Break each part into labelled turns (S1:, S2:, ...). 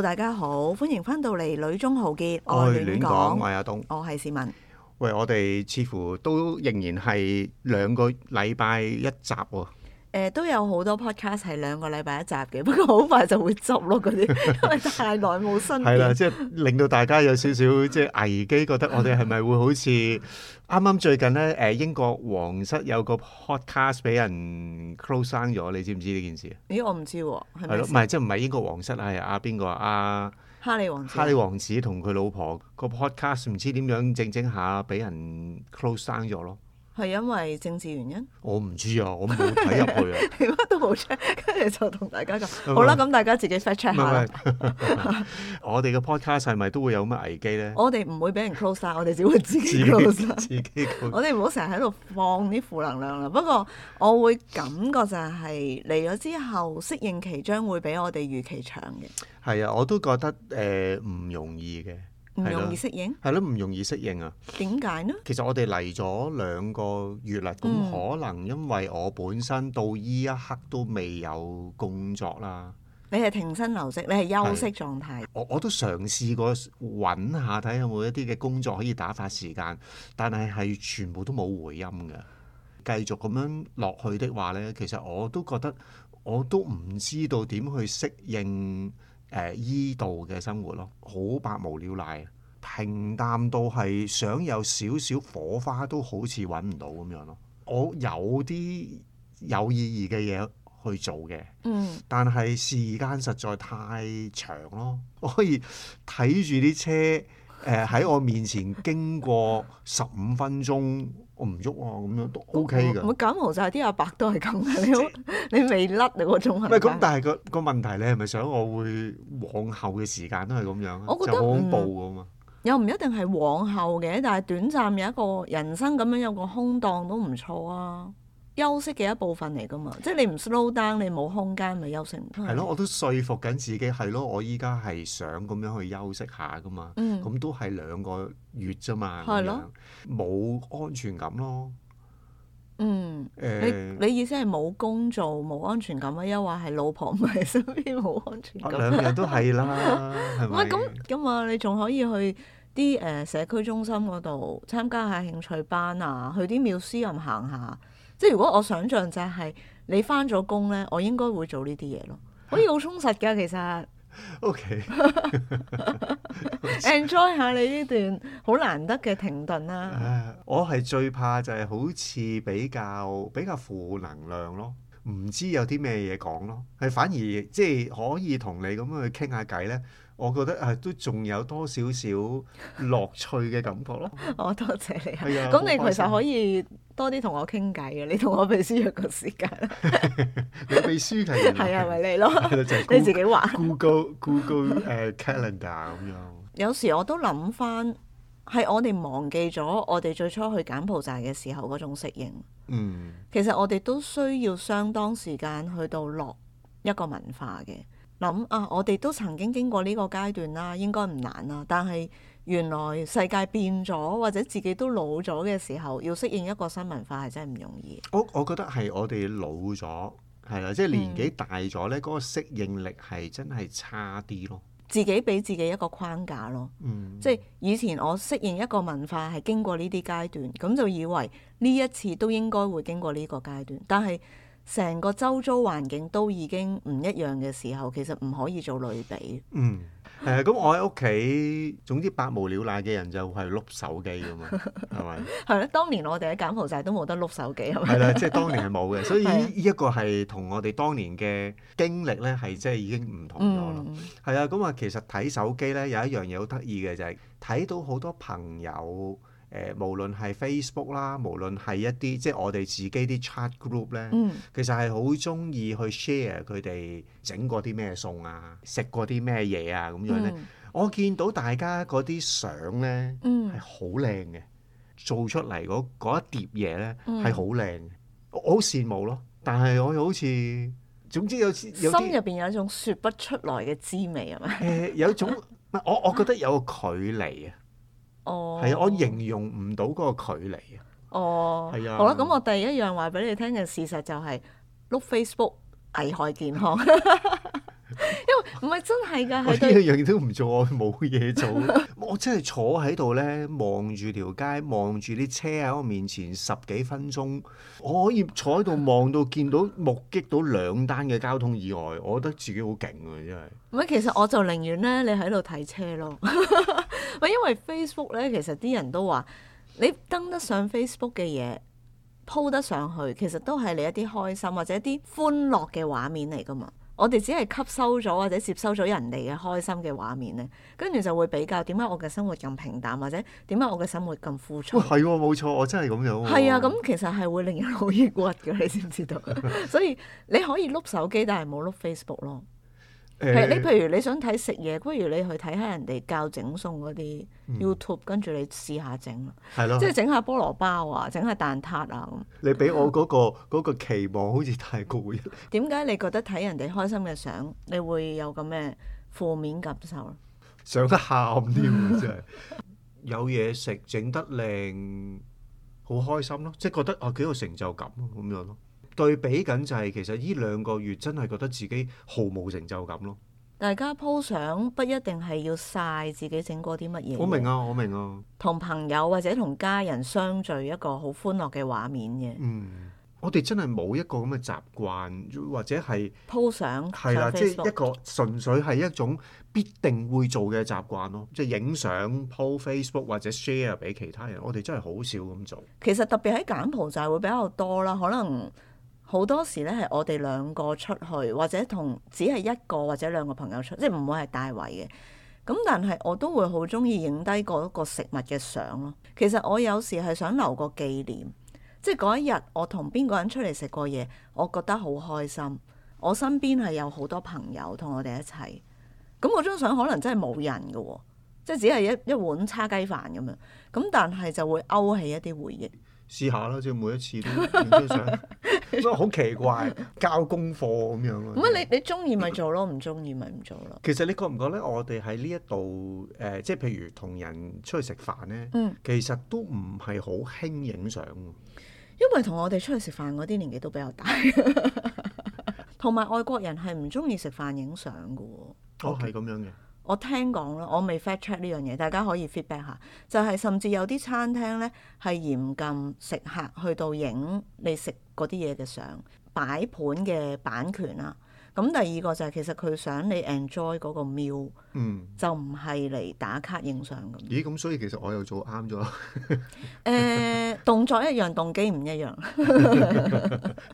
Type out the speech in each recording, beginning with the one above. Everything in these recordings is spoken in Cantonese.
S1: 大家好，歡迎翻到嚟《女中豪傑》，我係亂講，我係阿東，我係市民。
S2: 喂，我哋似乎都仍然係兩個禮拜一集喎、哦。
S1: 誒、呃、都有好多 podcast 係兩個禮拜一集嘅，不過好快就會執咯嗰啲， 因為太耐冇新係啦，即係
S2: 令到大家有少少即係危機， 覺得我哋係咪會好似啱啱最近咧？誒，英國皇室有個 podcast 俾人 close down 咗，你知唔知呢件事？
S1: 咦，我唔知喎、啊，係咯，唔係即係
S2: 唔係英國皇室係阿邊個啊？啊啊
S1: 哈利王子？哈利王
S2: 子同佢老婆個 podcast 唔知點樣正正下俾人 close down 咗咯。
S1: 係因為政治原因？
S2: 我唔知啊，我冇睇入去啊，
S1: 乜 都冇 check，跟住就同大家講， 好啦吧，咁大家自己 fact check 下啦。
S2: 我哋嘅 podcast 係咪都會有咁嘅危機咧？ 我
S1: 哋唔會俾人 close 晒，我哋只會自己 close 晒。自己，我哋唔好成日喺度放啲負能量啦。不 過， 我會感覺就係嚟咗之後，適應期將會比我哋預期長嘅。
S2: 係啊， 我都覺得誒唔、呃、容易嘅。
S1: 唔容易適應，
S2: 係咯，唔容易適應啊。
S1: 點解呢？
S2: 其實我哋嚟咗兩個月啦，咁、嗯、可能因為我本身到依一刻都未有工作啦。
S1: 你係停薪留職，你係休息狀態。我
S2: 我都嘗試過揾下，睇有冇一啲嘅工作可以打發時間，但係係全部都冇回音嘅。繼續咁樣落去的話呢，其實我都覺得我都唔知道點去適應。誒依度嘅生活咯，好百無聊賴，平淡到係想有少少火花都好似揾唔到咁樣咯。我有啲有意義嘅嘢去做嘅，嗯，但係時間實在太長咯，我可以睇住啲車。誒喺、呃、我面前經過十五分鐘，我唔喐啊，咁樣都 OK 嘅。我
S1: 感冒曬啲阿伯都係咁嘅，你你未甩你嗰種係咪咁？但
S2: 係個個問題，你係咪想我會往後嘅時間都係咁樣？我覺得好恐怖㗎嘛。嗯、
S1: 又唔一定係往後嘅，但係短暫有一個人生咁樣有個空檔都唔錯啊。休息嘅一部分嚟噶嘛，即係你唔 slow down，你冇空間咪休息唔到。係咯，我
S2: 都說服緊自己係咯。我依家係想咁樣去休息下噶嘛，咁、嗯、都係兩個月啫嘛，咁樣冇安全感咯。嗯，
S1: 誒、欸，你你意思係冇工做冇安全感啊？又話係老婆唔喺身邊冇安全感，兩樣都係啦，係咁咁啊？你仲可以去啲誒、呃、社區中心嗰度參加下興趣班啊，去啲 museum 行下。即係如果我想象就係你返咗工咧，我應該會做呢啲嘢咯，啊、可以好充實㗎其實。OK，enjoy Okay. 下你呢段好難得嘅停頓啦、
S2: 啊。我係最怕就係好似比較比較負能量咯，唔知有啲咩嘢講咯，係反而即係可以同你咁樣去傾下偈咧，我覺得誒都仲有多少少樂趣嘅感覺咯。
S1: 我、 哦、多謝你、啊。咁、哎、呀你其實可以多啲同我傾偈嘅，你同我秘書約個時間。
S2: 你 秘書係係啊，咪你咯，就
S1: 是、Google, 你自己玩。
S2: Google Google 誒、uh, Calendar 咁樣。
S1: 有時我都諗翻，係我哋忘記咗我哋最初去柬埔寨嘅時候嗰種適應。嗯。其實我哋都需要相當時間去到落一個文化嘅。諗啊，我哋都曾經經過呢個階段啦，應該唔難啦。但係原來世界變咗，或者自己都老咗嘅時候，要適應一個新文化係真係唔容易。
S2: 我我覺得係我哋老咗，係啦，即係年紀大咗呢，嗰、嗯、個適應力係真係差啲咯。
S1: 自己俾自己一個框架咯，嗯、即係以前我適應一個文化係經過呢啲階段，咁就以為呢一次都應該會經過呢個階段，但係，成個周遭環境都已經唔一樣嘅時候，其實唔可以做類比。嗯，
S2: 誒，咁我喺屋企，總之百無聊賴嘅人就係碌手機㗎嘛，係咪 吧？
S1: 係咯， 當年我哋喺柬埔寨都冇得碌手機，係咪？係啦，即係當
S2: 年係冇嘅，所以呢一個係同我哋當年嘅經歷咧，係即係已經唔
S1: 同咗咯。
S2: 係啊、嗯，咁啊、嗯嗯，其實睇手機咧有一樣嘢好得意嘅就係、係、睇到好多朋友。誒、呃，無論係 Facebook 啦，無論係一啲即係我哋自己啲 chat group 咧，嗯、其實係好中意去 share 佢哋整過啲咩餸啊，食過啲咩嘢啊咁樣咧。嗯、我見到大家嗰啲相咧係好靚嘅，做出嚟嗰一碟嘢咧係好靚嘅，我好羨慕咯。但係我好似總之有，有心
S1: 入邊有一種説不出來嘅滋味，係咪？誒，
S2: 有一種 我我，我覺得有個距離啊。哦，係啊、oh.，我形容唔到個距離
S1: 啊。哦、oh. 的，係啊。好啦，咁我第一樣話俾你聽嘅事實就係、是、碌 Facebook 危害健康。 唔係真係㗎，呢一樣
S2: 嘢都唔做，我冇嘢做。 我真係坐喺度咧，望住條街，望住啲車喺我面前十幾分鐘，我可以坐喺度望到見到目擊到兩單嘅交通意外，我覺得自己好勁啊，真係。
S1: 唔係，其實我就寧願咧，你喺度睇車咯。唔 因為 Facebook 咧，其實啲人都話，你登得上 Facebook 嘅嘢，鋪得上去，其實都係你一啲開心或者一啲歡樂嘅畫面嚟㗎嘛。我哋只係吸收咗或者接收咗人哋嘅開心嘅畫面咧，跟住就會比較點解我嘅生活咁平淡，或者點解我嘅生活咁枯燥？喂、哦，係
S2: 喎，冇錯，我真係咁樣。係啊，
S1: 咁其實係會令人好抑鬱嘅，你知唔知道？ 所以你可以碌手機，但係冇碌 Facebook 咯。譬你，欸、譬如你想睇食嘢，不如你去睇下人哋教整餸嗰啲 YouTube、嗯、跟住你試下整咯。咯的，即係整下菠蘿包啊，整下蛋撻啊咁。你俾我
S2: 嗰、那個嗯、個期望好似太高，人。
S1: 點解你覺得睇人哋開心嘅相，你會有咁嘅負面感受咧？
S2: 想喊添，真係 有嘢食，整得靚，好開心咯，即、就、係、是、覺得啊幾有成就感咁樣咯。對比緊就係其實呢兩個月真係覺得自己毫無成就感咯。
S1: 大家 po 相不一定係要晒自己整過啲乜嘢。我明啊，
S2: 我明啊。
S1: 同朋友或者同家人相聚一個好歡樂嘅畫面嘅。嗯，
S2: 我哋真係冇一個咁嘅習慣，或者係
S1: po 相係啦，即係一個
S2: 純粹係一種必定會做嘅習慣咯。即係影相 po Facebook 或者 share 俾其他人，我哋
S1: 真係好少咁做。其實特別喺柬埔寨會比較多啦，可能。好多時咧係我哋兩個出去，或者同只係一個或者兩個朋友出，即係唔會係大圍嘅。咁但係我都會好中意影低嗰個食物嘅相咯。其實我有時係想留個紀念，即係嗰一日我同邊個人出嚟食過嘢，我覺得好開心。我身邊係有好多朋友同我哋一齊。咁我張相可能真係冇人嘅喎，即係只係一一碗叉雞飯咁樣。咁但係就會勾起一啲回憶。
S2: 試下啦，即係每一次都影張相。 咁啊好奇怪， 交功課咁樣咯。唔，
S1: 你 你中意咪做咯，唔中意咪唔做咯。
S2: 其實你覺唔覺咧？我哋喺呢一度誒，即係譬如同人出去食飯咧，嗯、其實都唔係好興影相。
S1: 因為同我哋出去食飯嗰啲年紀都比較大，同 埋外國人係唔中意食飯影相嘅喎。哦，係咁樣嘅。我聽講啦，我未 fact check 呢樣嘢，大家可以 feedback 下。就係、是、甚至有啲餐廳咧係嚴禁食客去到影你食嗰啲嘢嘅相，擺盤嘅版權啦。咁第二個就係、是、其實佢想你 enjoy 嗰個 meal，、嗯、就唔係嚟打卡影相咁。
S2: 咦？咁所以其實我又做啱咗。
S1: 誒、 呃，動作一樣，動機唔一樣。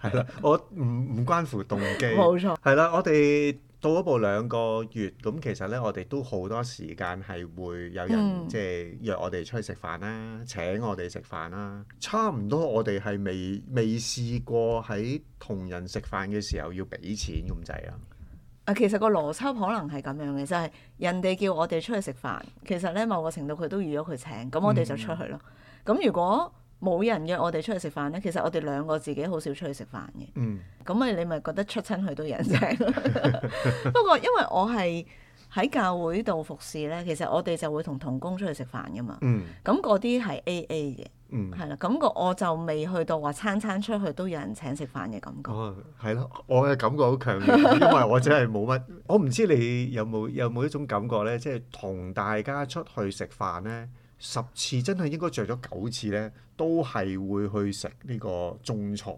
S2: 係 啦， 我唔唔關乎動機。冇錯。係啦，我哋。到一步兩個月，咁其實咧，我哋都好多時間係會有人、嗯、即係約我哋出去食飯啦、啊，請我哋食飯啦、啊。差唔多我哋係未未試過喺同人食飯嘅時候要俾錢咁滯啊。
S1: 啊，其實個邏輯可能係咁樣嘅，就係、是、人哋叫我哋出去食飯，其實咧某個程度佢都預咗佢請，咁我哋就出去咯。咁、嗯、如果冇人約我哋出去食飯咧，其實我哋兩個自己好少出去食飯嘅。嗯，咁咪你咪覺得出親去都有人請。 不過因為我係喺教會度服侍咧，其實我哋就會同同工出去食飯噶嘛。嗯，咁嗰啲係 A A 嘅。嗯，係啦，感覺我就未去到話餐餐出去都有人請食飯嘅感覺。哦，
S2: 係咯，我嘅感覺好強烈， 因為我真係冇乜，我唔知你有冇有冇一種感覺咧，即係同大家出去食飯咧。十次真係應該着咗九次咧，都係會去食呢個中菜。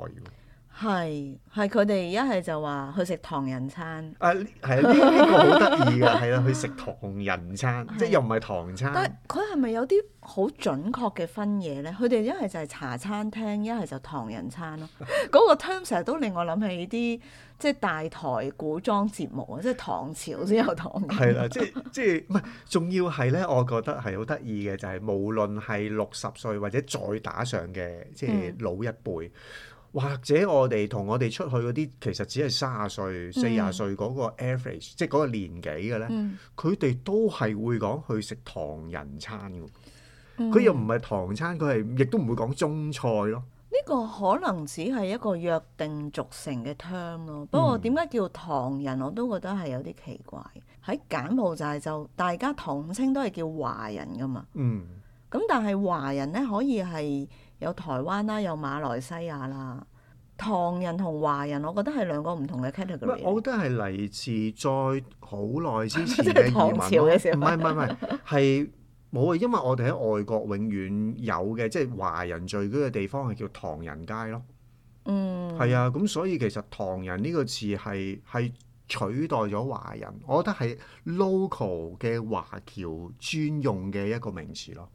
S1: 係，係佢哋一係就話去食唐人餐。啊，係啊，呢、
S2: 這、呢個好得意噶，係啦， 去食唐人餐，的即係又唔係唐餐。
S1: 但係佢係咪有啲好準確嘅分野咧？佢哋一係就係茶餐廳，一係就唐人餐咯。嗰 個 term 成日都令我諗起啲即係大台古裝節目啊，即係唐朝先有唐人。係啦，即係
S2: 即係，唔係仲要係咧？我覺得係好得意嘅，就係、是、無論係六十歲或者再打上嘅，即係老一輩。嗯或者我哋同我哋出去嗰啲，其實只係三十歲、四十歲嗰個 average，、嗯、即係嗰個年紀嘅咧，佢哋、嗯、都係會講去食唐人餐嘅。
S1: 佢、嗯、又
S2: 唔係唐餐，佢係亦都唔會講中菜咯。
S1: 呢個可能只係一個約定俗成嘅 term 咯、嗯。不過點解叫唐人我都覺得係有啲奇怪。喺柬埔寨就大家統稱都係叫華人噶嘛。嗯。咁但係華人咧可以係。有台灣啦，有馬來西亞啦，唐人同華人，我覺得係兩個唔同嘅 category。
S2: 我覺得係嚟自再好耐之前嘅 唐朝嘅時候。唔係唔係唔係係冇啊，因為我哋喺外國永遠有嘅，即係華人聚居嘅地方係叫唐人街咯。嗯，係啊，咁所以其實唐人呢個字係係取代咗華人，我覺得係 local 嘅華僑專用嘅一個名詞咯。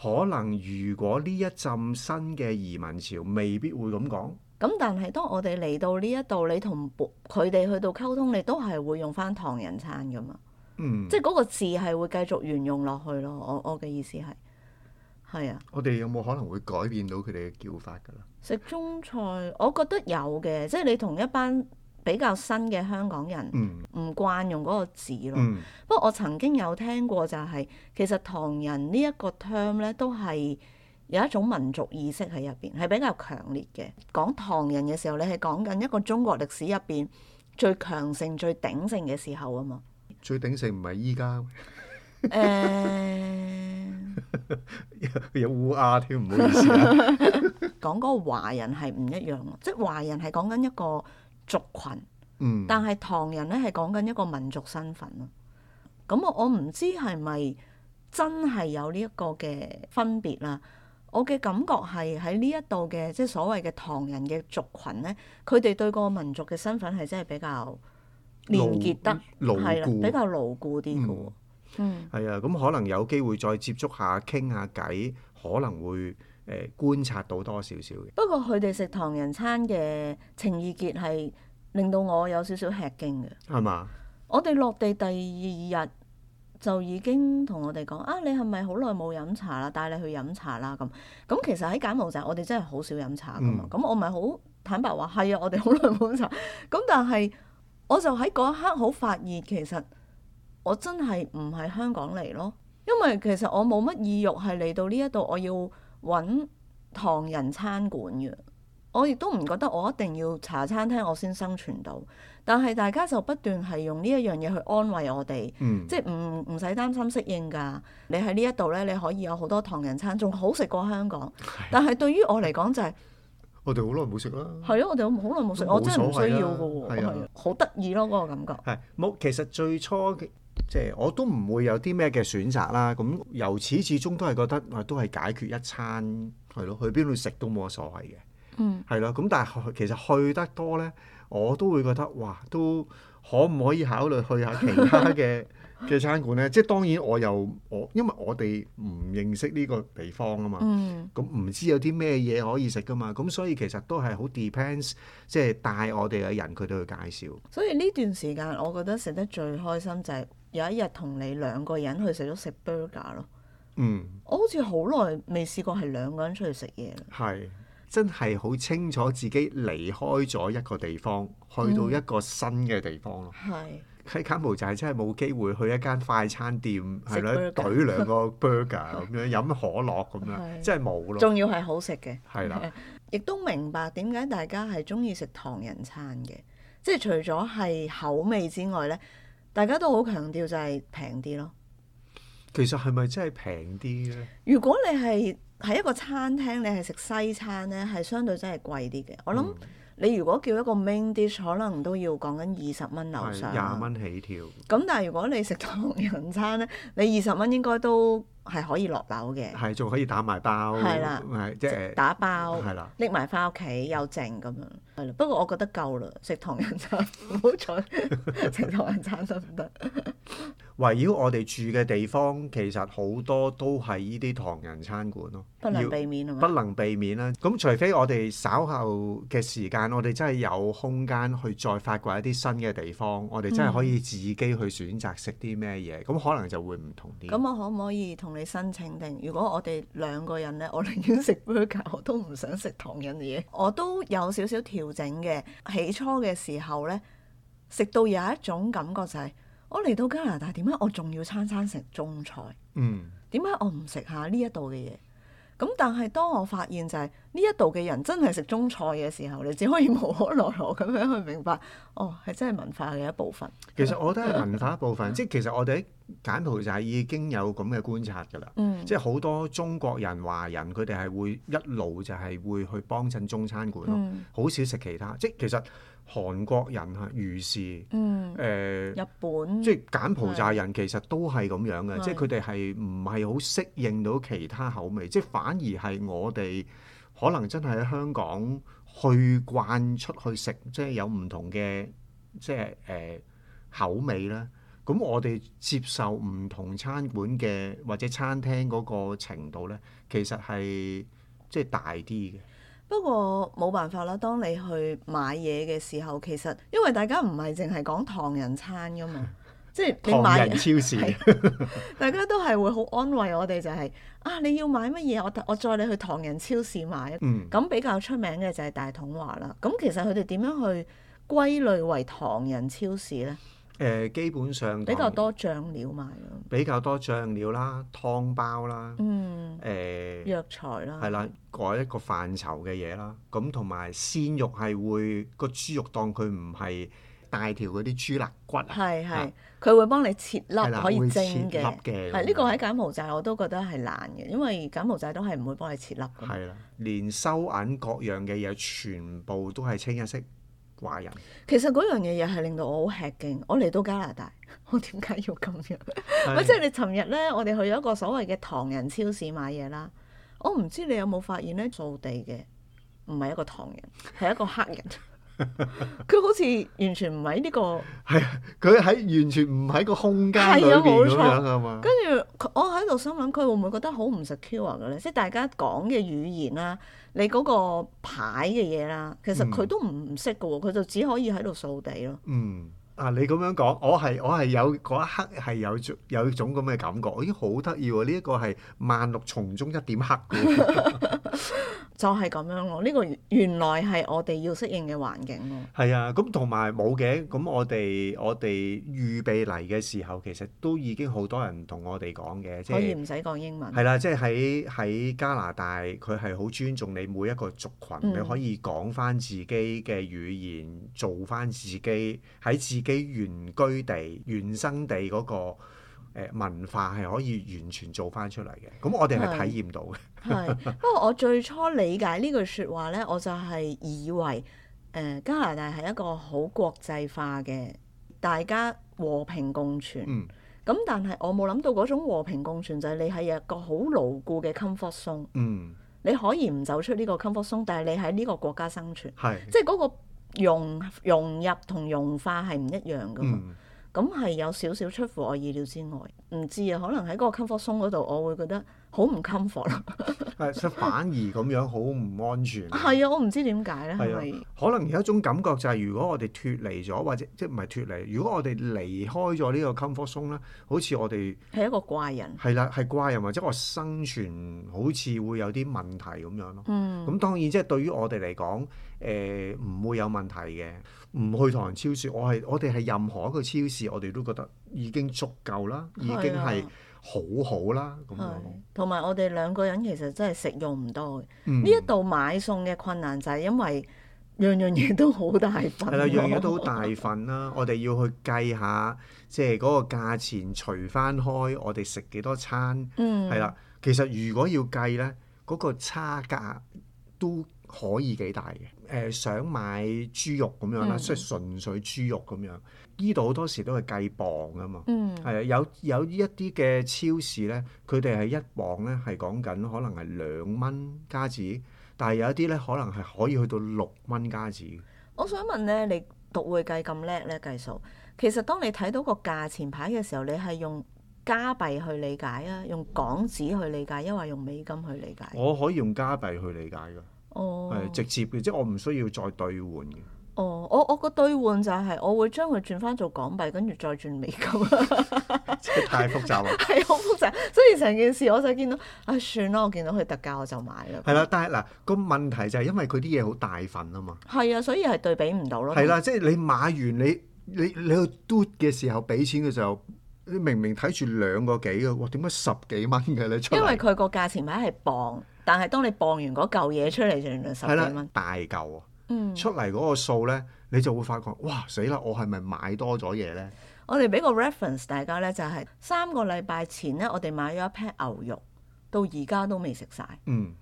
S2: 可能如果呢一浸新嘅移民潮未必會咁講，
S1: 咁但係當我哋嚟到呢一度，你同佢哋去到溝通，你都係會用翻唐人餐噶嘛？嗯，即係嗰個字係會繼續沿用落去咯。我我嘅意思係，係啊。
S2: 我哋有冇可能會改變到佢哋嘅叫法㗎啦？
S1: 食中菜，我覺得有嘅，即係你同一班。比較新嘅香港人唔、嗯、慣用嗰個字咯。嗯、不過我曾經有聽過、就是，就係其實唐人呢一個 term 咧，都係有一種民族意識喺入邊，係比較強烈嘅。講唐人嘅時候，你係講緊一個中國歷史入邊最強盛、最鼎盛嘅時候啊嘛。
S2: 最鼎盛唔係依家。誒、 欸，有 有烏鴉添，唔好意思。
S1: 講嗰個華人係唔一樣咯，即係華人係講緊一個。族群，嗯、但係唐人咧係講緊一個民族身份咯。咁、嗯嗯、我我唔知係咪真係有呢一個嘅分別啦。我嘅感覺係喺呢一度嘅，即係所謂嘅唐人嘅族群咧，佢哋對個民族嘅身份係真係比較連結得牢固，比較牢固啲嘅，嗯嗯。嗯，
S2: 係啊，嗯，咁可能有機會再接觸下傾下偈，可能會。誒、呃、觀察到多少少嘅，
S1: 不過佢哋食唐人餐嘅情意結係令到我有少少吃驚嘅。
S2: 係嘛吧？
S1: 我哋落地第二日就已經同我哋講啊，你係咪好耐冇飲茶啦？帶你去飲茶啦咁。咁其實喺柬埔寨，我哋真係好少飲茶㗎嘛。咁、嗯、我咪好坦白話，係啊，我哋好耐冇飲茶。咁但係我就喺嗰一刻好發現，其實我真係唔係香港嚟咯。因為其實我冇乜意欲係嚟到呢一度，我要，揾唐人餐館嘅，我亦都唔覺得我一定要茶餐廳我先生存到，但係大家就不斷係用呢一樣嘢去安慰我哋，嗯、即係唔唔使擔心適應噶，你喺呢一度呢，你可以有好多唐人餐，仲好食過香港，啊、但係對於我嚟講就係、係啊，
S2: 我哋好耐冇食啦，
S1: 係咯，我哋好耐冇食，我真係唔需要嘅喎，係、啊啊
S2: 啊、好得意咯嗰個感覺，係冇、啊，其實最初嘅。即係我都唔會有啲咩嘅選擇啦。咁由始至終都係覺得，都係解決一餐係咯。去邊度食都冇乜所謂嘅。嗯。係咯。咁但係其實去得多呢，我都會覺得哇，都可唔可以考慮去下其他嘅嘅 餐館呢？即係當然我又我，因為我哋唔認識呢個地方啊嘛。咁唔、嗯、知有啲咩嘢可以食噶嘛？咁所以其實都係好 depends，即係帶我哋嘅人佢哋去介紹。
S1: 所以呢段時間我覺得食得最開心就係、是。有一日同你兩個人去食咗食 burger 咯，嗯，我好似好耐未試過係兩個人出去食嘢。
S2: 係，真係好清楚自己離開咗一個地方，去到一個新嘅地方咯。係、
S1: 嗯，
S2: 喺柬埔寨真係冇機會去一間快餐店係咯，對兩個 burger 咁 樣飲可樂咁樣，是真係冇咯。仲要係
S1: 好食嘅。係啦的，亦 都明白點解大家係中意食唐人餐嘅，即係除咗係口味之外咧。大家都好強調就係平啲咯。
S2: 其實係咪真係平啲咧？
S1: 如果你係喺一個餐廳，你係食西餐咧，係相對真係貴啲嘅。我諗你如果叫一個 main dish，可能都要講緊二十蚊樓上，廿蚊
S2: 起跳。
S1: 咁但係如果你食唐人餐咧，你二十蚊應該都，係可以落樓嘅，
S2: 係仲可以打埋包，係啦的，即係、就是、打包，係啦的，
S1: 拎埋翻屋企又剩咁樣，係啦。不過我覺得夠啦，食唐人餐冇錯，食 唐人餐得唔得？
S2: 圍繞 我哋住嘅地方，其實好多都係呢啲唐人餐館咯，不能避免係嘛？不能避免啦、啊。咁除非我哋稍後嘅時間，我哋真係有空間去再發掘一啲新嘅地方，我哋真係可以自己去選擇食啲咩嘢，咁可能就會唔同啲。咁、嗯、
S1: 我可唔可以同？你申請定？如果我哋兩個人咧，我寧願食 burger，我都唔想食唐人嘢。我都有少少調整嘅。起初嘅時候咧，食到有一種感覺就係，我嚟到加拿大點解我仲要餐餐食中菜？嗯，點解我唔食下呢一度嘅嘢？咁但係當我發現就係呢一度嘅人真係食中菜嘅時候，你只可以無可奈何咁樣去明白，哦，係真係文化嘅一部分。
S2: 其實我覺得係文化一部分， 即係其實我哋喺簡圖就係已經有咁嘅觀察噶啦，嗯、即係好多中國人華人佢哋係會一路就係會去幫襯中餐館咯，好、嗯、少食其他。即其實。韓國人係如是，誒、嗯，呃、日
S1: 本即係柬埔寨人
S2: 其實都係咁樣嘅，是即係佢哋係唔係好適應到其他口味，是即係反而係我哋可能真係喺香港去慣出去食，即、就、係、是、有唔同嘅即係誒口味啦。咁我哋接受唔同餐館嘅或者餐廳嗰個程度咧，其實係即係大啲嘅。
S1: 不過冇辦法啦，當你去買嘢嘅時候，其實因為大家唔係淨係講唐人餐㗎嘛，即係 唐人超市 大家都係會好安慰我哋就係、是、啊，你要買乜嘢？我我載你去唐人超市買，咁、嗯、比較出名嘅就係大統華啦。咁其實佢哋點樣去歸類為唐人超市呢？
S2: 誒基本上比較
S1: 多醬料賣咯，
S2: 比較多醬料啦、湯包啦，嗯，誒、欸、
S1: 藥材啦，係啦，
S2: 改一個範疇嘅嘢啦。咁同埋鮮肉係會個豬肉當佢唔係大條嗰啲豬肋骨，
S1: 係係是，佢、啊、會幫你切粒啦可以蒸嘅。係呢、這個喺柬埔寨我都覺得係難嘅，因為柬埔寨都係唔會幫你切粒咁。
S2: 係啦，連收銀各樣嘅嘢全部都係清一色。華人
S1: 其實嗰樣嘢又係令到我好吃驚。我嚟到加拿大，我點解要咁樣？喂的，即係你尋日咧，我哋去咗一個所謂嘅唐人超市買嘢啦。我唔知你有冇發現咧，掃地嘅唔係一個唐人，係一個黑人。佢 好似完全唔喺呢個。係啊
S2: 佢喺完全唔喺個空間裏啊，係啊，冇錯跟
S1: 住我喺度心諗，佢會唔會覺得好唔 secure 嘅咧？即係大家講嘅語言啦、啊。你嗰個牌嘅嘢啦，其實佢都唔識嘅喎，佢、嗯、就只可以喺度掃地咯。
S2: 嗯，啊，你咁樣講，我係我係有、有、有一刻係有種有種咁嘅感覺，咦、哎，好得意喎！呢、這、一個係萬綠叢中一點黑。
S1: 就係咁樣咯，呢個原來係我哋要適應嘅環境咯。
S2: 係啊，咁同埋冇嘅，咁我哋我哋預備嚟嘅時候，其實都已經好多人同我哋講嘅，即係可以唔
S1: 使講英文。係啦，
S2: 即係喺喺加拿大，佢係好尊重你每一個族群，你可以講翻自己嘅語言，做翻自己喺自己原居地、原生地嗰個。誒文化係可以完全做翻出嚟嘅，咁我哋係體驗到嘅是。
S1: 係， 不過我最初理解呢句説話咧，我就係以為誒、呃、加拿大係一個好國際化嘅，大家和平共存。嗯。咁但係我冇諗到嗰種和平共存就係你係一個好牢固嘅 comfort zone，嗯。你可以唔走出呢個 comfort zone，但係你喺呢個國家生存。係是。即係嗰個融融入同融化係唔一樣㗎嘛？嗯。咁係有少少出乎我意料之外，唔知啊，可能喺嗰個 comfort zone 嗰度，我會覺得，好唔 comfort 啊！
S2: 誒， 反而咁樣好唔安全。係
S1: 啊， 我唔知點解咧。係
S2: 可能有一種感覺就係、是，如果我哋脫離咗，或者即唔係脫離？如果我哋離開咗呢個 comfort zone 咧，好似我哋
S1: 係一個怪人。
S2: 係啦，係怪人，或者我生存好似會有啲問題咁樣咯。嗯。咁當然，即係對於我哋嚟講，誒、呃、唔會有問題嘅。唔去唐人超市，我係我哋係任何一個超市，我哋都覺得已經足夠啦，已經係。嗯好好啦，咁是樣。
S1: 同埋我哋兩個人其實真係食用唔多嘅。呢一度買餸嘅困難就係因為樣的 樣嘢都好大份。係啦，樣樣都好大
S2: 份啦。我哋要去計下，即係嗰個價錢除翻開，我哋食幾多餐。嗯，係啦。其實如果要計呢，嗰、嗰個差價都可以幾大嘅。誒、呃、想買豬肉咁樣啦，即係、嗯、純粹豬肉咁樣。依度好多時都係計磅啊嘛，係啊、嗯，有有一啲嘅超市咧，佢哋係一磅咧係講緊可能係兩蚊加紙，但係有一啲咧可能係可以去到六蚊加紙。
S1: 我想問咧，你讀會計咁叻咧計數，其實當你睇到個價錢牌嘅時候，你係用加幣去理解啊，用港紙去理解，啊，抑或用美金去理解？
S2: 我可以用加幣去理解㗎。係、哦、直接嘅，即係我唔需要再兌換嘅。
S1: 哦，我我個兌換就係我會將佢轉翻做港幣，跟住再轉美金。
S2: 太複雜啦！
S1: 係好 複雜，所以成件事我就見到啊，算啦，我見到佢特價我就買啦。係啦，
S2: 但係嗱個問題就係因為佢啲嘢好大份啊嘛。
S1: 係啊，所以係對比唔到咯。係啦的，嗯、
S2: 即係你買完你你你去嘟嘅時候俾錢嘅時候，你明明睇住兩個幾嘅，哇點解十幾蚊嘅你出？因為
S1: 佢個價錢牌係磅。但係當你磅完嗰嚿嘢出嚟，就原來十幾蚊、啊，
S2: 大嚿啊！出嚟嗰個數咧，嗯、你就會發覺，哇死啦！我係咪買多咗嘢咧？
S1: 我哋俾個 reference 大家咧、就係，就係三個禮拜前咧，我哋買咗一 pack 牛肉，到而家都未食晒。」嗯，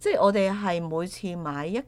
S1: 即係我哋係每次買一。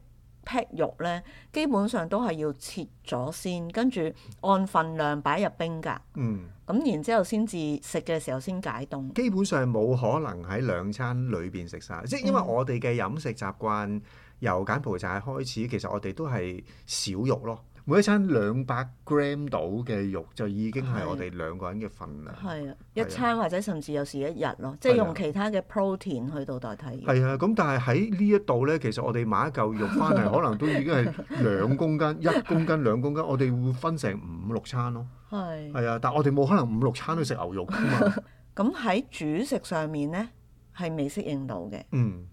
S1: 劈肉咧，基本上都係要切咗先，跟住按份量擺入冰格。嗯，咁然之後先至食嘅時候先解凍。
S2: 基本上冇可能喺兩餐裏邊食晒。嗯，即係因為我哋嘅飲食習慣由柬埔寨開始，其實我哋都係少肉咯。每一餐兩百 gram 度嘅肉就已經係我哋兩個人嘅份量。
S1: 係啊的，的一餐或者甚至有時一日咯，的即係用其他嘅 protein 去度代替。係
S2: 啊，咁但係喺呢一度呢，其實我哋買一嚿肉翻嚟， 可能都已經係兩公斤、 一公斤、兩公斤，我哋會分成五六餐咯。係的。係啊，但係我哋冇可能五六餐去食牛肉㗎嘛。
S1: 咁喺 主食上面呢，係未適應到嘅。
S2: 嗯。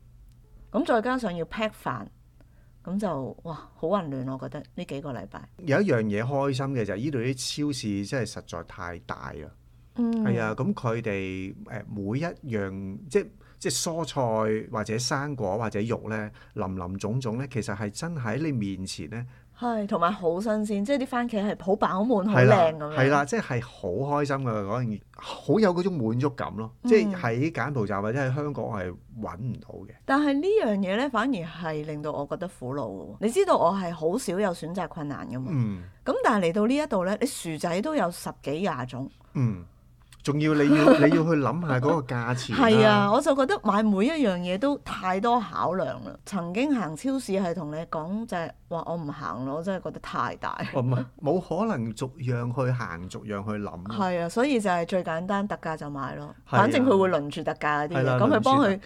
S1: 咁再加上要 pack 飯。咁就，哇，好混亂，我覺得呢幾個禮拜有一
S2: 樣嘢開心嘅就係依度啲超市真係實在太大啦，嗯，係啊，咁佢哋誒每一樣即係即係蔬菜或者生果或者肉咧，林林種種咧，其實係真喺你面前咧。
S1: 係，同埋好新鮮，即係啲番茄係好飽滿、好靚咁樣。係啦，
S2: 即係好開心嘅嗰樣嘢好有嗰種滿足感咯。嗯、即係喺柬埔寨或者喺香港我，我係揾唔到嘅。
S1: 但係呢樣嘢咧，反而係令到我覺得苦惱。你知道我係好少有選擇困難嘅嘛？嗯。咁但係嚟到呢一度咧，你薯仔都有十幾廿種。
S2: 嗯。仲要你要你要去諗下嗰個價錢，啊。係 啊，
S1: 我就覺得買每一樣嘢都太多考量啦。曾經行超市係同你講，就係、係、話我唔行咯，真係覺得太大。唔 係、哦，
S2: 冇可能逐樣去行，逐樣去諗。係
S1: 啊，所以就係最簡單，特價就買咯。啊、反正佢會輪住特價嗰啲嘢，咁佢、啊、幫佢。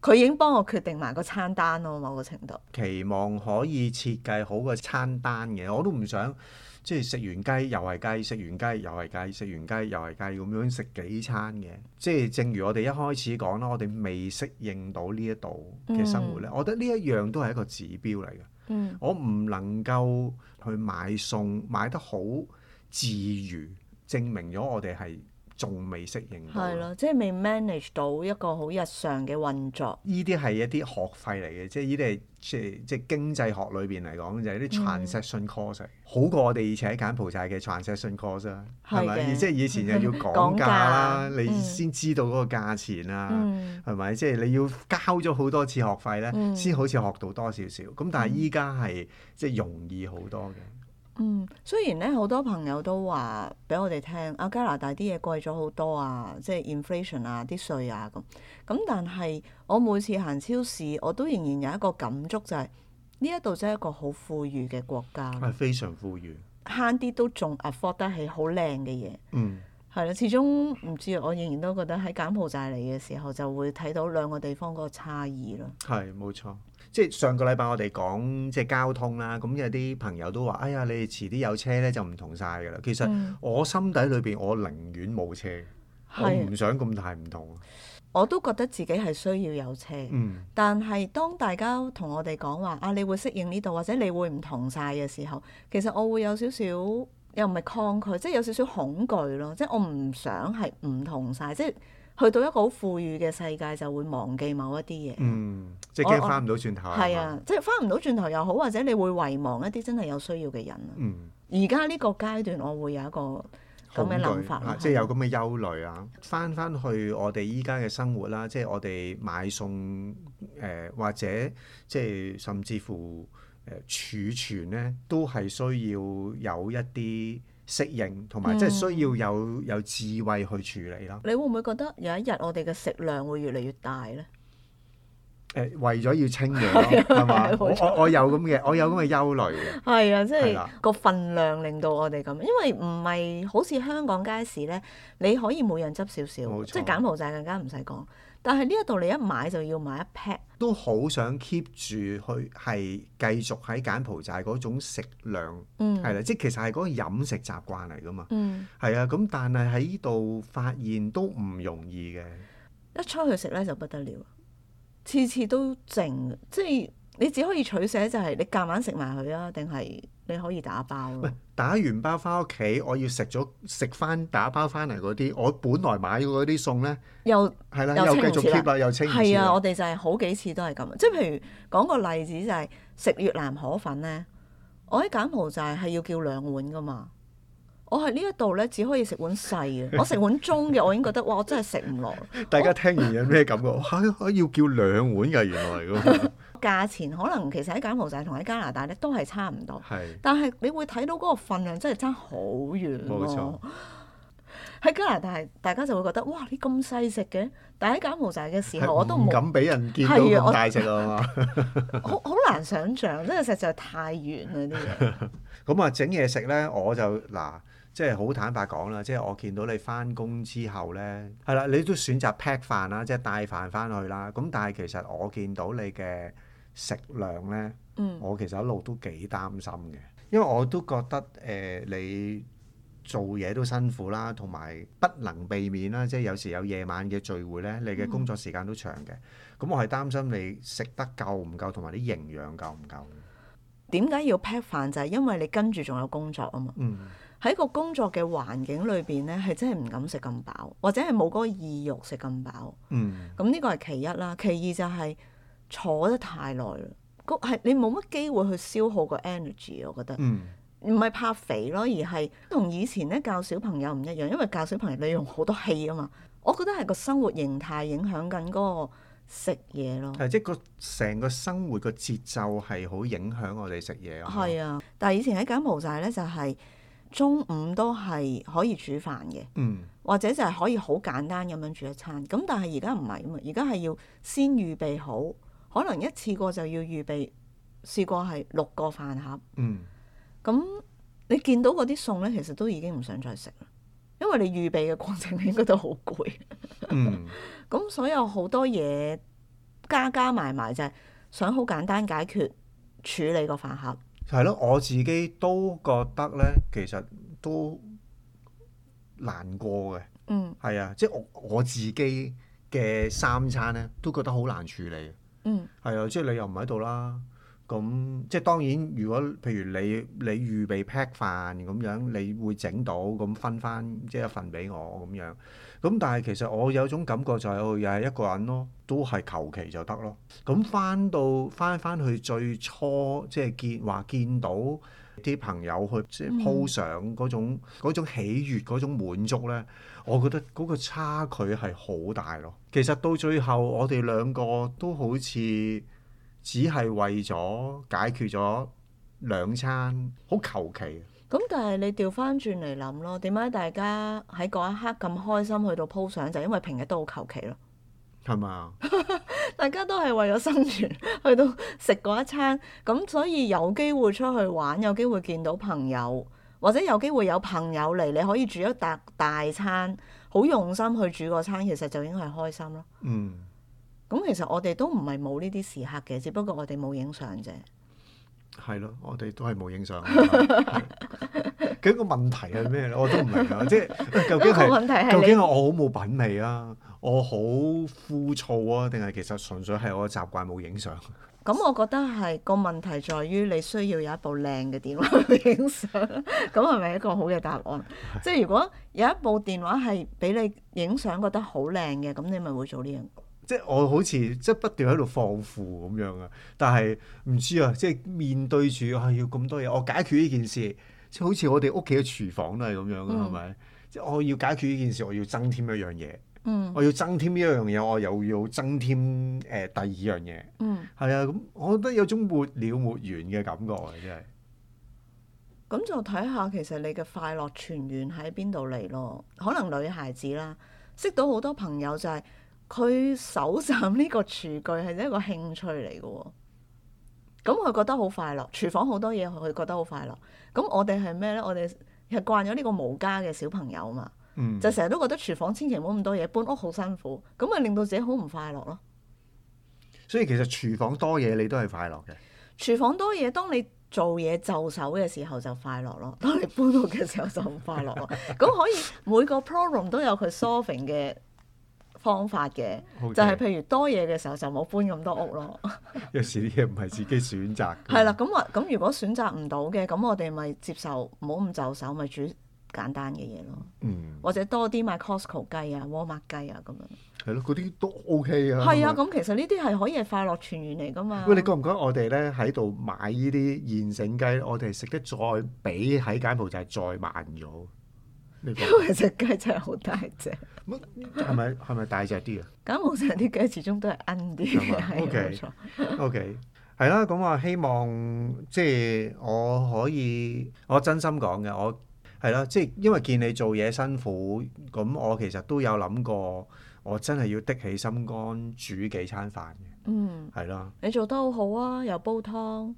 S1: 佢已經幫我決定埋個餐單咯，某個程度。
S2: 期望可以設計好個餐單嘅，我都唔想即係食完雞又係雞，食完雞又係雞，食完雞又係雞咁樣食幾餐嘅。即係正如我哋一開始講啦，我哋未適應到呢一度嘅生活咧，嗯、我覺得呢一樣都係一個指標嚟嘅。嗯、我唔能夠去買餸買得好自如，證明咗我哋係仲未適應到，
S1: 係咯，即係未 manage 到一個好日常嘅運作。呢啲係一啲學費
S2: 嚟嘅，即係依啲係即係即係經濟學裏邊嚟講就係、是、啲 transaction cost、嗯、好過我哋以前喺柬埔寨嘅 transaction cost 啦的，係咪？即係以前又要講價啦， 價你先知道嗰個價錢啦、啊，係咪、嗯？即係你要交咗好多次學費咧，先、嗯、好似學到多少少。咁但係依家係即係容易好多嘅。嗯
S1: 嗯，雖然咧好多朋友都話俾我哋聽，啊加拿大啲嘢貴咗好多啊，即係 inflation 啊，啲稅啊咁。咁、嗯、但係我每次行超市，我都仍然有一個感觸、就是，就係呢一度真係一個好富裕嘅國家，係
S2: 非常富裕，
S1: 慳啲都仲 afford 得起好靚嘅嘢。嗯，係啦，始終唔知我仍然都覺得喺柬埔寨嚟嘅時候就會睇到兩個地方嗰個差異咯。
S2: 係，冇錯。即係上個禮拜我哋講即係交通啦，咁有啲朋友都話：哎呀，你哋遲啲有車咧就唔同晒㗎啦。其實我心底裏邊，我寧願冇車，嗯、我唔想咁大唔同。
S1: 我都覺得自己係需要有車，嗯、但係當大家同我哋講話啊，你會適應呢度，或者你會唔同晒嘅時候，其實我會有少少又唔係抗拒，即係有少少恐懼咯，即係我唔想係唔同晒。即係。去到一個好富裕嘅世界，就會忘記某一啲嘢。嗯，
S2: 即係驚翻唔到轉頭。係我嗎啊，
S1: 即係翻唔到轉頭又好，或者你會遺忘一啲真係有需要嘅人。嗯，
S2: 而
S1: 家呢個階段，我會有一個咁嘅諗法，對嗎即
S2: 係有咁嘅憂慮啊。翻翻去我哋依家嘅生活啦，即係我哋買餸、呃、或者即係甚至乎誒儲存咧，都係需要有一啲。適應同埋即係需要有有智慧去處理啦、嗯。你會
S1: 唔會覺得有一日我哋嘅食量會越嚟越大咧？
S2: 誒，為咗要清嘢咯，係嘛 是？ 我我有咁嘅，我有咁嘅憂慮
S1: 嘅。係啊， 即係個 的份量令到我哋咁，因為唔係好似香港街市咧，你可以每樣執少少，錯即係柬埔寨更加唔使講。但係呢一度你一買就要買一 pack，
S2: 都好想 keep 住去係繼續喺柬埔寨嗰種食量，係啦、嗯，即係其實係嗰個飲食習慣嚟噶嘛，係啊、嗯，咁但係喺呢度發現都唔容易嘅，
S1: 一出去食咧就不得了，次次都剩，即係。你只可以取捨就，就係你夾硬食埋佢啊，定係你可以打包、啊？喂
S2: 打完包翻屋企，我要食咗食翻打包翻嚟嗰啲，我本來買嗰啲餸咧，
S1: 又係啦，啊、又繼續 keep 啦，又清，清。係啊，我哋就係好幾次都係咁。即係譬如講個例子、就係，就係食越南河粉咧，我喺柬埔寨係要叫兩碗噶嘛。我喺呢一度咧，只可以食碗細嘅， 我食碗中嘅，我已經覺得哇，我真係食唔落。
S2: 大家聽完有咩感覺？嚇， 要叫兩碗㗎，原來
S1: 價錢可能其實喺柬埔寨同喺加拿大咧都係差唔多，是但係你會睇到嗰個份量真係差好遠咯、哦。喺冇錯加拿大，大家就會覺得哇，你咁細食嘅，但喺柬埔寨嘅時候我都唔敢俾人見到咁大食啊嘛，啊 好好難想象，真係實在太遠啦啲
S2: 咁啊，整嘢食咧，我就嗱，即係好坦白講啦，即係我見到你翻工之後咧，係啦，你都選擇 pack 飯啦，即係帶飯翻去啦。咁但係其實我見到你嘅。食量呢，嗯、我其實一路都幾擔心嘅，因為我都覺得誒、呃、你做嘢都辛苦啦，同埋不能避免啦，即係有時有夜晚嘅聚會呢，你嘅工作時間都長嘅，咁、嗯、我係擔心你食得夠唔夠，同埋啲營養夠唔夠？
S1: 點解要 pack 飯就係、是、因為你跟住仲有工作啊嘛，喺、嗯、個工作嘅環境裏邊呢，係真係唔敢食咁飽，或者係冇嗰個意欲食咁飽。嗯，咁呢、嗯、個係其一啦，其二就係、是。坐得太耐啦，個係你冇乜機會去消耗個 energy，我覺得，唔係、嗯、怕肥咯，而係同以前咧教小朋友唔一樣，因為教小朋友你用好多氣啊嘛，我覺得係個生活形態影響緊嗰個食嘢咯，係
S2: 即係個成個生活個節奏係好影響我哋食嘢啊，
S1: 係啊，但係以前喺柬埔寨咧就係、是、中午都係可以煮飯嘅，嗯，或者就係可以好簡單咁樣煮一餐，咁但係而家唔係啊嘛，而家係要先預備好。可能一次過就要預備試過係六個飯盒，咁、嗯、你見到嗰啲餸咧，其實都已經唔想再食啦，因為你預備嘅過程應該都好攰。嗯，咁 所有好多嘢加加埋埋就啫、係，想好簡單解決處理個飯盒。
S2: 係咯、嗯，我自己都覺得咧，其實都難過嘅。嗯，係啊，即、就、係、係、我我自己嘅三餐咧，都覺得好難處理。嗯，係啊，即係你又唔喺度啦，咁即係當然，如果譬如你你預備 pack 飯咁樣，你會整到咁分翻即係一份俾我咁樣，咁但係其實我有種感覺就係，哦，又係一個人咯，都係求其就得咯。咁翻到翻翻去最初即係見話見到，啲朋友去即係 po 相嗰種，嗯、嗰種喜悅嗰種滿足咧，我覺得嗰個差距係好大咯。其實到最後我哋兩個都好似只係為咗解決咗兩餐，好求其。
S1: 咁，嗯、但係你調翻轉嚟諗咯，點解大家喺嗰一刻咁開心去到 po 相，就是，因為平日都好求其咯。
S2: 係嘛？
S1: 大家都係為咗生存，去到食過一餐，咁所以有機會出去玩，有機會見到朋友，或者有機會有朋友嚟，你可以煮一笪大，大餐，好用心去煮個餐，其實就應該係開心咯。嗯。咁其實我哋都唔係冇呢啲時刻嘅，只不過我哋冇影相啫。
S2: 係咯，我哋都係冇影相。究竟個 問題係咩？我都唔明啊！即係究竟係究竟我好冇品味啊？我好枯燥啊，定係其實純粹係我習慣冇影相。
S1: 咁我覺得係個問題在於你需要有一部靚嘅電話去影相，咁係咪一個好嘅答案？ 即係如果有一部電話係俾你影相覺得好靚嘅，咁你咪會做呢樣。
S2: 即係我好似即係不斷喺度放負咁樣啊！但係唔知啊，即係面對住係要咁多嘢，我解決呢件事，即係好似我哋屋企嘅廚房都係咁樣，係咪、嗯？即係我要解決呢件事，我要增添一樣嘢。嗯，我要增添呢一樣嘢，我又要增添誒、呃、第二樣嘢。嗯，係啊，咁我覺得有種冇了冇完嘅感覺啊，真係。
S1: 咁、嗯、就睇下其實你嘅快樂泉源喺邊度嚟咯？可能女孩子啦，識到好多朋友就係佢手揀呢個廚具係一個興趣嚟嘅喎。咁、嗯、佢覺得好快樂，廚房好多嘢佢覺得好快樂。咁我哋係咩咧？我哋係慣咗呢個無家嘅小朋友嘛。嗯、就成日都覺得廚房千祈唔好咁多嘢，搬屋好辛苦，咁咪令到自己好唔快樂咯。
S2: 所以其實廚房多嘢你都係快樂嘅。
S1: 廚房多嘢，當你做嘢就手嘅時候就快樂咯，當你搬屋嘅時候就唔快樂。咁 可以每個 problem 都有佢 solving 嘅方法嘅， 就係譬如多嘢嘅時候就冇搬咁多屋咯。
S2: 有時啲嘢唔係自己選擇。
S1: 係啦， 咁啊，咁如果選擇唔到嘅，咁我哋咪接受，唔好咁就手咪煮。簡單嘅嘢咯，嗯，或者多啲買 Costco 雞啊、Walmart 雞啊咁樣，
S2: 係咯，嗰 啲都 OK 啊。係啊，咁
S1: 其實呢啲係可以係快樂泉源嚟㗎嘛。喂，你
S2: 覺唔覺得我哋咧喺度買呢啲現成雞，我哋食得再比喺柬埔寨再慢咗？
S1: 因為隻雞真係好大隻，乜
S2: 係咪係咪大隻啲啊？
S1: 柬埔寨啲雞始終都係奀啲嘅，冇錯。OK，係
S2: Okay. Okay. 啦。咁我希望即係我可以，我真心， 我真心講嘅我。係咯，即係因為見你做嘢辛苦，咁我其實都有諗過，我真係要的起心肝煮幾餐飯嘅。
S1: 嗯，係咯的。你做得好好啊，又煲湯。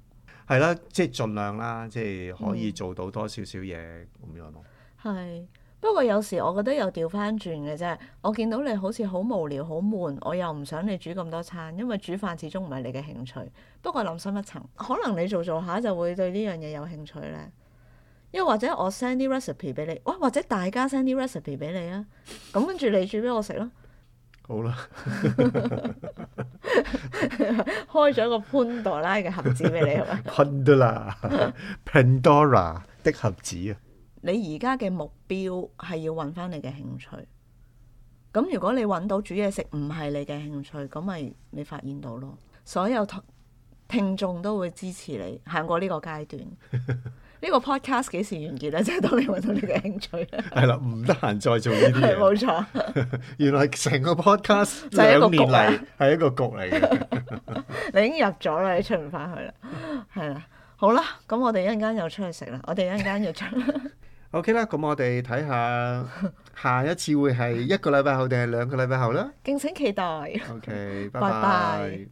S2: 係啦，即係盡量啦，即係可以做到多少少嘢咁，嗯、樣咯。
S1: 係，不過有時我覺得又調翻轉嘅啫。我見到你好似好無聊，好悶，我又唔想你煮咁多餐，因為煮飯始終唔係你嘅興趣。不過諗深一層，可能你做做做下就會對呢樣嘢有興趣咧。又或者我 send 啲 recipe 俾你，哇或者大家 send 啲 recipe 俾你啊，咁跟住你煮俾我食咯。
S2: 好啦吧，
S1: 開咗個潘多拉嘅盒子俾你係咪？潘多拉
S2: Pandora 的盒子
S1: 啊！Ula, 子 你而家嘅目標係要搵翻你嘅興趣。咁如果你搵到煮嘢食唔係你嘅興趣，咁咪你發現到咯。所有聽聽眾都會支持你行過呢個階段。 呢個 podcast 幾時完結咧？即係當你揾到你嘅興趣咧。係
S2: 啦，唔得閒再做呢啲嘢。係，冇錯。原來成個 podcast 就係一個局嚟，係一個局嚟
S1: 嘅。你已經入咗啦，你出唔翻去啦。係啦，好啦，咁我哋一陣間又出去食啦。我哋一陣間又出。
S2: OK 啦，咁我哋睇下下一次會係一個禮拜後定係兩個禮拜後啦。
S1: 敬請期待。
S2: OK，拜拜。